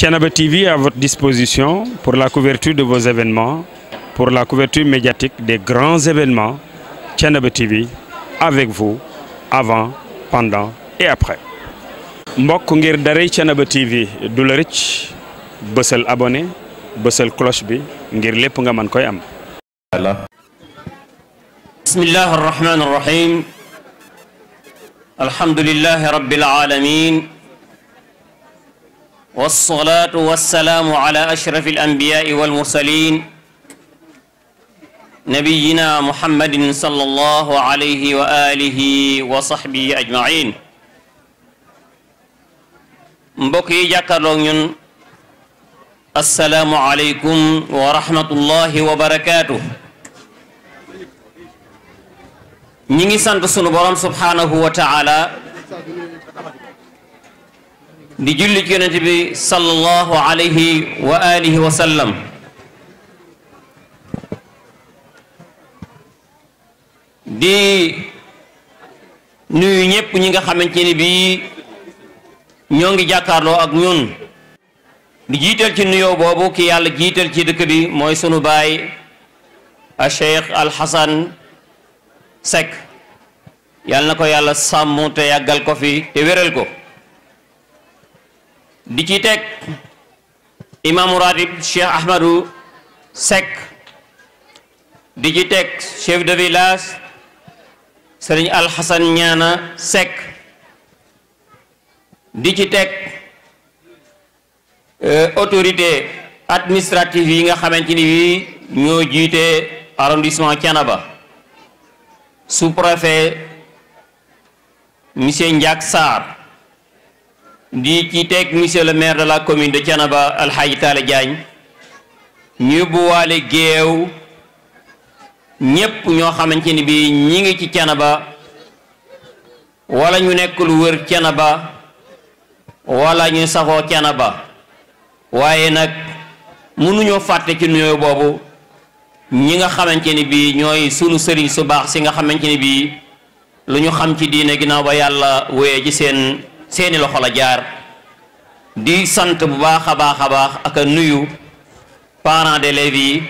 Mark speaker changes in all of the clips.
Speaker 1: Thiénaba TV à votre disposition pour la couverture de vos événements, pour la couverture médiatique de grands événements. Thiénaba TV avec vous avant, pendant et après. mbokk ngir daray Thiénaba TV du la rëcc bësal abonné bësal cloche bi ngir lépp nga man koy am. bismillahi rahmaani rahim alhamdulillahi rabbil alamin والصلاة والسلام على أشرف الأنبياء والمرسلين نبينا محمد صلى الله عليه وآله وصحبه أجمعين mbokk yi jàkkaarloo ñun asalaamualeykum wa rahmatullahi wa barakaatu. ñi ngi sant sunu borom subhaanahu wa ta'ala. di julli ci yonent bi sallallahu alayhi wa alihi di nuyu ñépp ñi nga xamante ni bii ñoo ngi jàkkaarloo ak ñun di jiital ci nuyoo boobu ki yàlla jiital ci dëkk bi mooy sunu baay a Cheikh Al Hassan Seck yàlla na ko yàlla sàmm te yàggal ko fi te wéral ko di ci teg imaamu ratib Cheikh Ahmadou Seck di ci teg chef de village Serigne Alxasan Ñaana Seck di ci teg euh, autorité administrative yi nga xamante ni bii ñoo jiite arrondissement Thiénaba sous-préfet monsieur Ndiak saar di ci teg monsieur le maire de la commune de ba Alxaaji Taala Jaañ ñu buwaale géew ñépp ñoo xamante ni bii ñi ngi ci ba wala ñu nekk lu wër ba wala ñu safoo ba waaye nag mënuñoo fàtte ci nuyoo boobu ñi nga xamante ni bii ñooy sunu sëriñ su baax si nga xamante ni bii lu ñu xam ci diine ginnaaw ba yàlla wéyee ci seen seeni loxo la jaar di sant bu baax a baax a baax ak a nuyu parents d'élèves yi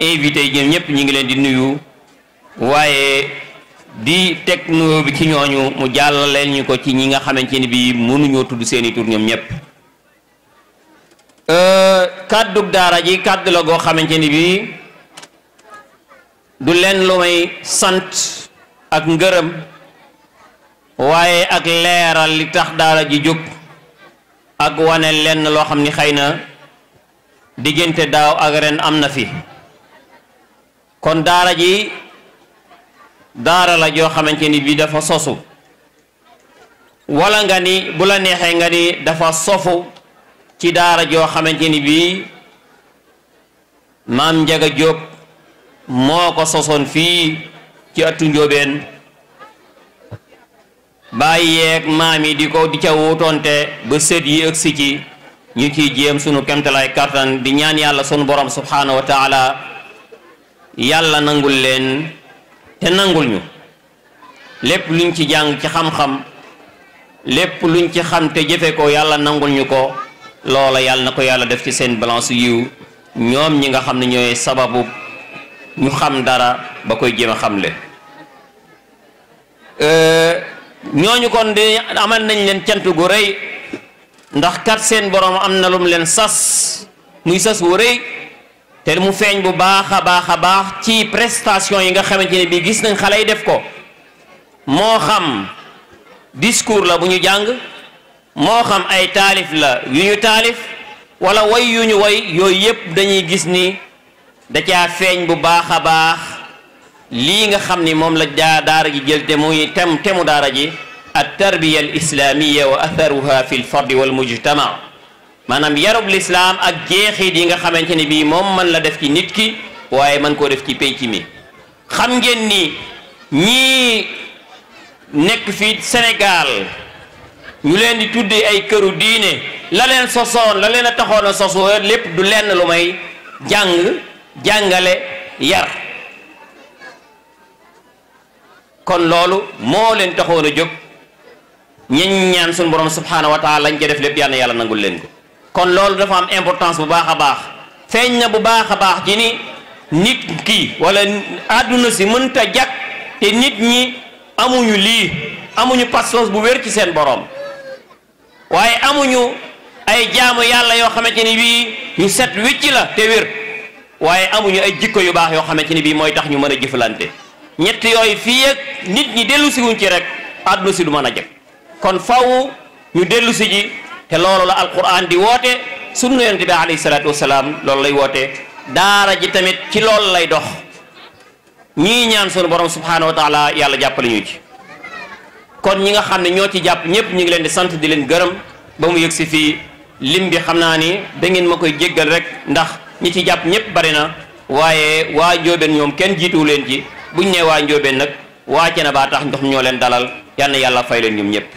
Speaker 1: invité yi ñoom ñëpp ñu ngi leen di nuyu waaye di teg nuyoo bi ci ñooñu mu jàll leen ñu ko ci ñi nga xamante ni bii mënuñoo tudd seeni tur ñoom ñëpp euh, kàddug daara ji kàddu la goo xamante ni bii du leen lu may sant ak ngërëm waaye ak leeral li tax daara ji jóg ak wane lenn loo xam ni xëy na diggante daaw ak ren am na fi kon daara ji daara la joo xamante ni bi dafa sosu wala nga ni bu la neexee nga ni dafa sofu ci daara joo xamante ni bii maam Njaga Jóob moo ko sosoon fii ci attu njóobeen bàyyi maam yi di ko di ca wuutoonte ba sët yi ëgsi ci ñu ciy jéem sunu kemtalaay kartan di ñaan yàlla sunu borom subhaanahu wa taala yàlla nangul leen te nangul ñu lépp luñ ci jàng ci xam-xam lépp luñ ci xam te jëfe ko yàlla nangul ñu ko loola yàlla na ko yàlla def ci seen balance yiw ñoom ñi nga xam ne ñooy sababu ñu xam dara ba koy jéem a xamle euh, ñooñu kon di amal nañ leen cant gu rëy ndax kat seen borom am na lum leen sas muy sas wu rëy te mu feeñ bu baax a baax a baax ci prestation yi nga xamante ne bii gis nañ xale yi def ko moo xam discours la bu ñu jàng moo xam ay taalif la yu ñu taalif walla woy yu ñu way yooyu yépp dañuy gis ni da caa feeñ bu baax a baax lii nga xam ni moom la jaa daara ji jël te muy tem temu daara ji ak tarbiya al islamiya wa atharuha fi l fardi wal mujtama maanaam yarub lislaam ak jeexit yi nga xamante ni bii moom mën la def ci nit ki waaye mën koo def ci pénc mi xam ngeen nii ñii nekk fii Sénégal ñu leen di tuddee ay këru diine la leen sosoon la leen a taxoon a sosu lépp du lenn lu may jàng jàngale yar kon loolu moo leen taxoon a jóg ñañ ñaan suñu borom subhaanahu wa lañ ca def lépp yàlla yàlla nangul leen ko kon loolu dafa am importance bu baax a baax feeñ na bu baax a baax ci ni nit kii walla àdduna si mënta jàkk te nit ñi amuñu lii amuñu pas bu wér ci seen borom waaye amuñu ay jaamu yàlla yoo xamante ni bii ñu set wicc la te wér waaye amuñu ay jikko yu baax yoo xamante ni bii mooy tax ñu mën a jëflante ñetti yooyu fii ak nit ñi dellu ci rek àdduna si du mën a jëm kon faw ñu dellu si ji te loolu la alquran di woote sunna yonent bi alayhi salaatu wasalaam loolu lay woote daara ji tamit ci loolu lay dox ñii ñaan sunu borom subhaanahu wa taala yàlla jàppale ñu ci kon ñi nga xam ne ñoo ci jàpp ñëpp ñu ngi leen di sant di leen gërëm ba mu yëg si fii lim bi xam naa ni da ngeen ma koy jéggal rek ndax ñi ci jàpp ñëpp bari na waaye waa Njóobeen ñoom kenn jiituwu leen ci buñ nee waa njóobeen nag waa Cenaba tax ndox ñoo leen dalal yal na yàlla fay leen ñoom ñëpp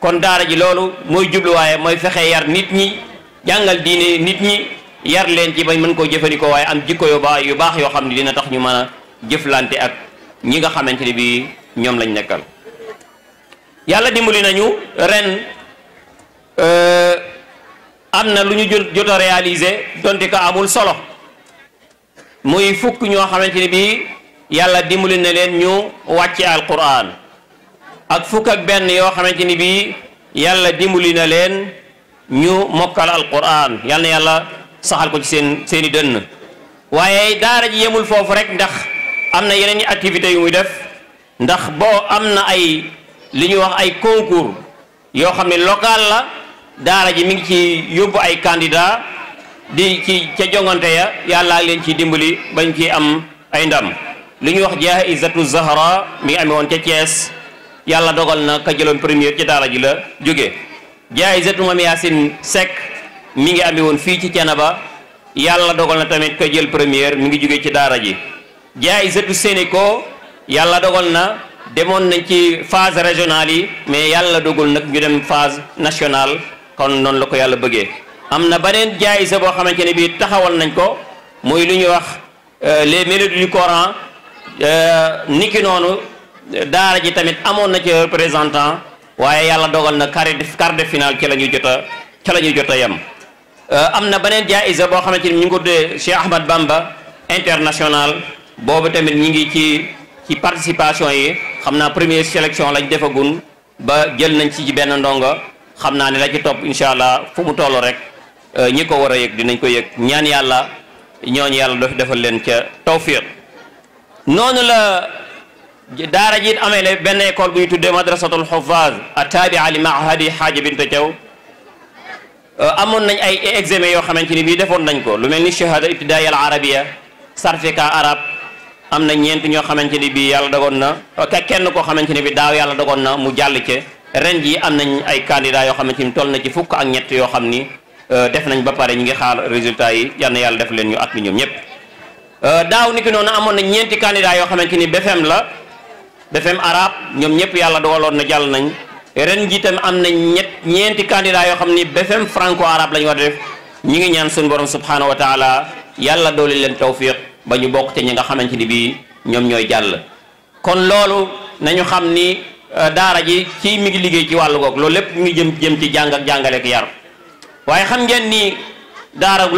Speaker 1: kon daara ji loolu mooy jubluwaaye mooy fexe yar nit ñi jàngal diine nit ñi yar leen ci bañ mën koo jëfandikoo waaye am jikko yu baax yu baax yoo xam ne dina tax ñu mën a jëflante ak ñi nga xamante ne bii ñoom lañ nekkal yàlla dimbali nañu ren euh, am na lu ñu jot a réaliser donte ko amul solo muy fukk ñoo xamante bii yàlla dimbali na leen ñu wàcce alquran ak fukk ak benn yoo xamante ni bii yàlla dimbali na leen ñu mokkal alquran yàlla na yàlla saxal ko ci seen seeni dënn waaye daara ji yemul foofu rek ndax am na yeneen yi activité yu muy def ndax boo am na ay li ñuy wax ay concours yoo xam ne local la daara ji mi ngi ci yóbbu ay candidat di ci ca jongante ya yàlla leen ci dimbali bañ ci am ay ndam li ñu wax jaa'izatu Zahra mi ngi amee woon ca Thiès yàlla dogal na ka jëloon première ci daara ji la jógee jaa'izatu Mame Yacine Seck mi ngi amee woon fii ci Thiénaba yàlla dogal na tamit ka jël première mi ngi jógee ci daara ji jaa'izatu Sénéco yàlla dogal na demoon nañ ci phase régional yi mais yàlla dogul nag ñu dem phase national kon noonu la ko yàlla bëggee am na beneen jaayisa boo xamante ne bii taxawal nañ ko muy lu ñuy wax euh, les mélodies du Coran Euh, niki noonu daara ji tamit amoon na ci représentant waaye yàlla dogal na quart de quart de ci la ñu jot a ci la ñu jot a yem. Euh, am na beneen jaayisa boo xamante ni ñu ngi ko tuddee Cheikh Ahmad Bamba international boobu tamit ñu ngi ci ci participation yi xam naa première sélection lañ defagun ba jël nañ ci benn ndongo xam naa ne la ci topp incha allah fu mu toll rek euh, ñi ko war a yëg dinañ ko yëg ñaan yàlla ñooñu yàlla defal leen ca tawfiq noonu la daara jiit amee la benn école bu ñu tuddee madrasatul xufaaz a taabia li mahadi xaaja binta Thiaw euh, amoon nañ ay examen yoo xamante ni bii defoon nañ ko lu mel ni shahada ibtidaaya al arabiya sarfika arab am na ñeent ñoo xamante ni bii yàlla dogoon na kenn koo xamante ni bi daaw yàlla dogoon na mu jàll ci ren jii am nañ ay candidat yoo xamante ni toll na ci fukk ak ñett yoo xam ni euh, def nañ ba pare ñu ngi xaar résultat yi yal yàlla def leen ñu at mi ñoom ñëpp Euh, daaw ni ki noonu amoon na ñeenti candidat yoo xamante ni BFM la BFM arab ñoom ñëpp yàlla dogaloon na jàll nañ ren jii tam am na ñett ñeenti candidat yoo xam ni BFM franco arabe lañu ñu war a def ñi ngi ñaan suñu borom subhanahu wa yàlla dooli leen tawfiq ba ñu bokk te ñi nga xamante ni bii ñoom ñooy jàll kon loolu nañu xam ni euh, daara ji ci mi ngi liggéey ci wàll goog loolu lépp mi ngi jëm jëm ci jàng ak jàngale yar waaye xam ngeen ni daara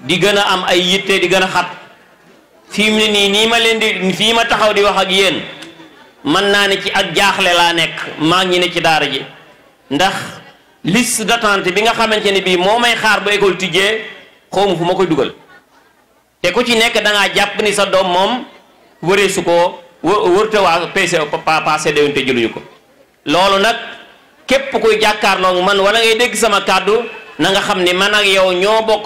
Speaker 1: di gën a am ay yitte di gën a xat fii mu nii nii ma leen di fii ma taxaw di wax ak yéen mën naa ne ci ak jaaxle laa nekk maa ngi ne ci daara ji ndax liste d'attente bi nga xamante ne bii moo may xaar ba école tijjee xawma fu ma koy dugal te ku ci nekk da jàpp ni sa doom moom wëree su ko wërta waa pc passé déwén te jëluñu ko loolu nag képp kuy jàkkaarloo man wala ngay dégg sama kàddu na nga xam ne man ak yow ñoo bokk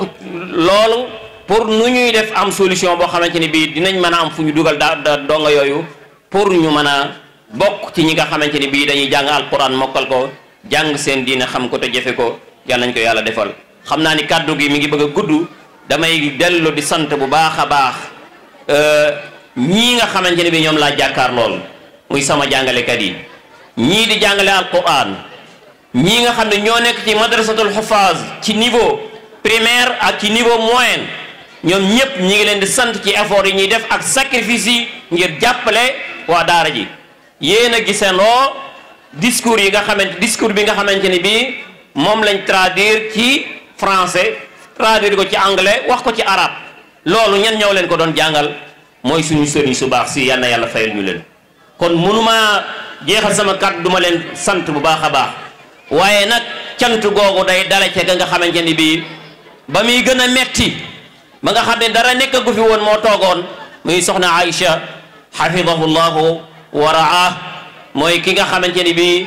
Speaker 1: loolu pour nu ñuy def am solution boo xamante ni bii dinañ mën a am fu ñu dugal da da donga yooyu pour ñu mën a bokk ci ñi nga xamante ni bii dañuy jàng alquran mokkal ko jàng seen diine xam ko te jëfe ko yàlla nañ ko yàlla defal xam naa ni kàddu gi mi ngi bëgg a gudd damay dellu di sant bu baax a baax euh, ñii nga xamante ne bi ñoom laa jàkkaar lool muy sama jàngalekat yi ñii di jàngale alquran ñii nga xam ne ñoo nekk ci madrasatul xufaas ci niveau primaire ak ci niveau moyen ñoom ñëpp ñi ngi leen di sant ci effort yi ñuy def ak sacrifice yi ngir jàppale waa daara ji yéen a gisandoo discours yi nga xamante discours bi nga xamante ni bii moom lañ traduire ci français traduire ko ci anglais wax ko ci arab loolu ñen ñoo leen ko doon jàngal mooy suñu sëriñ su baax si yal yàlla fayal ñu leen kon mënuma jeexal sama kàddu duma leen sant bu baax a baax waaye nag cant googu day dale ca ga nga xamante ni bii ba muy gën a metti ba nga xam ne dara nekk gu fi woon moo toogoon muy soxna Aïcha xafidahu llahu wa raah mooy ki nga xamante ni bii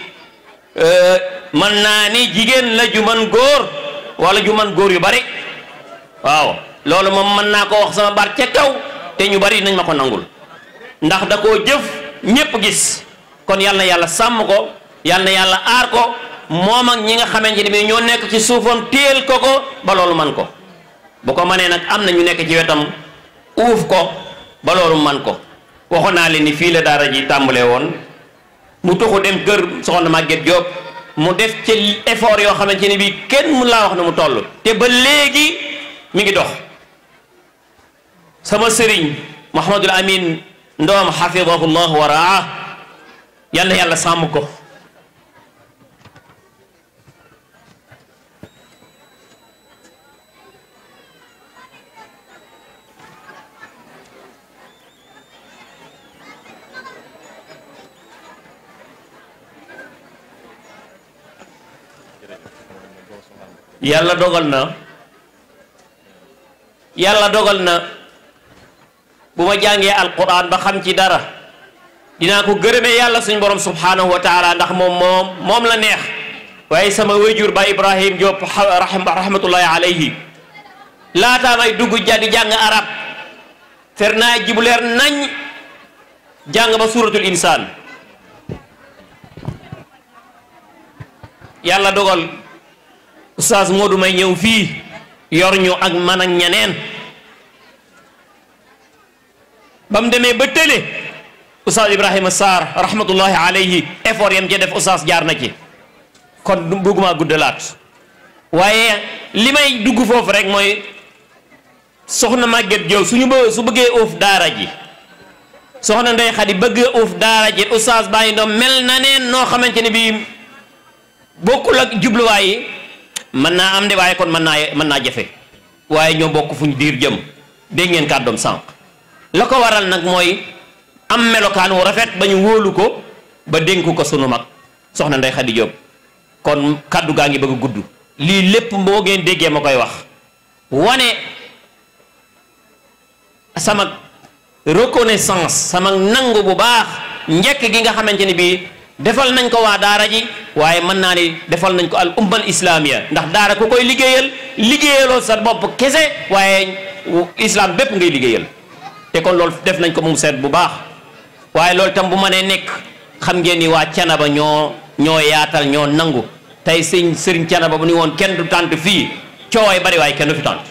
Speaker 1: euh, mën naa ni jigéen la ju man góor wala ju man góor yu bari waaw loolu moom mën naa ko wax sama baat ca kaw te ñu bari nañ ma ko nangul ndax da koo jëf ñépp gis kon yàlla yàlla sàmm ko yal yàlla aar ko moom ak ñi nga xamante ne bi ñoo nekk ci suufam téel ko ko ba loolu man ko bu ko manee nag am na ñu nekk ci wetam uuf ko ba loolu man ko waxoon naa leen ni fii la daara ji tàmbalee woon mu tuxu dem kër soxna màgget Diop mu def ci effort yoo xamante ni bi kenn mu laa wax na mu toll te ba léegi mi ngi dox sama sëriñ Mouhamadul Amin ndoom xafidahullah wa raa yàlla yàlla sàmm ko yàlla dogal na yàlla dogal na bu ma jàngee alquran ba xam ci dara dinaa ko gërëmee yàlla suñ borom subhanahu wa taala ndax moom moom moom la neex waaye sama wejur ba ibrahim Diop rahmatullahi alayhi laataa may dugg jàng arab fer naa jibuleer nañ jàng ba suratul insaan yàlla dogal oustaz du may ñëw fii yor ñu ak man ak ñeneen ba mu demee ba tële oustaz Ibrahima Sarr rahmatullahi alayhi effort yam ci def oustaz jaar na ci kon bëgguma guddalaat waaye li may dugg foofu rek mooy soxna Maguette Diop suñu bë su bëggee uuf daara ji soxna Ndeye Khady bëggee uuf daara ji oustaz baa ngi mel na neen noo xamante ne bii bokkul ak jubluwaay yi mën naa am de waaye kon mën naa mën naa jafe waaye ñoo bokk fuñ diir jëm dégg ngeen kàddoom sànq la ko waral nag mooy am melokaan wu rafet ba ñu wóolu ko ba dénk ko sunu mag soxna Ndey Xadi Jóob kon kàddu gaa ngi bëgg a gudd lii lépp boo ngeen déggee ma koy wax wane sama reconnaissance sama nangu bu baax njëkk gi nga xamante ni bii defal nañ ko waa daara ji waaye mën naa ni defal nañ ko al islaam islamiya ndax daara ku koy liggéeyal liggéeyaloo sa bopp kese waaye islam bépp ngay liggéeyal te kon loolu def nañ ko moom seet bu baax waaye loolu tam bu mënee nekk xam ngeen ni waa canaba ñoo ñoo yaatal ñoo nangu tey sëñ sëriñ canaba bu ni woon kenn du tànt fii cooway bari waaye kenn du fi tànt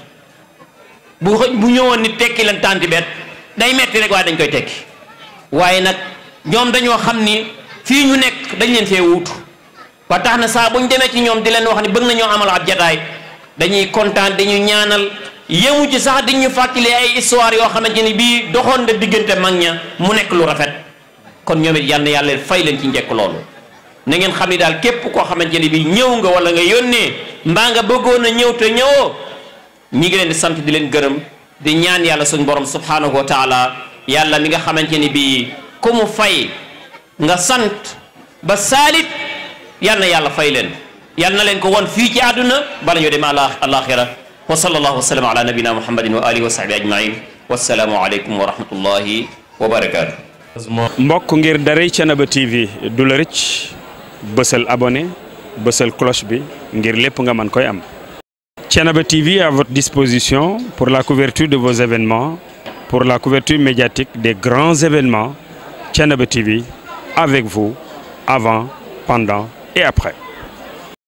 Speaker 1: bu bu ñëwoon ni tekki lan tànt bet day metti rek waaye dañ koy tekki waaye nag ñoom fii ñu nekk dañ leen fee wuutu ba tax na saa bu ñu demee ci ñoom di leen wax ne bëgg nañoo amal ab jataay dañuy kontaan dañu ñaanal yemu ci sax dañu fàttali ay histoire yoo xamante ni bii doxoon na diggante mag ña mu nekk lu rafet kon ñoom it yàlla na yàlla fay leen ci njekk loolu na ngeen xam ni daal képp koo xamante ni bii ñëw nga wala nga yónnee mbaa nga bëggoon a ñëw te ñëwoo ñi ngi leen di sant di leen gërëm di ñaan yàlla suñ borom subhanahu wa taala yàlla mi nga xamante ni bii ku mu nga sant ba saalit yal na yàlla fay leen yal na leen ko won fii ci àdduna bala ñoo dem alaxira wa sallallahu wa sallam ala nabina muhammadin wa alihi wa sahbi ajmain wasalaamu aleykum wa rahmatullahi mbokk ngir daray Thiénaba TV du la rëcc bësal cloche bi ngir lépp nga mën koy am Thiénaba TV à votre disposition pour la couverture de vos événements pour la couverture médiatique des grands événements Thiénaba TV avec vous, avant, pendant et après.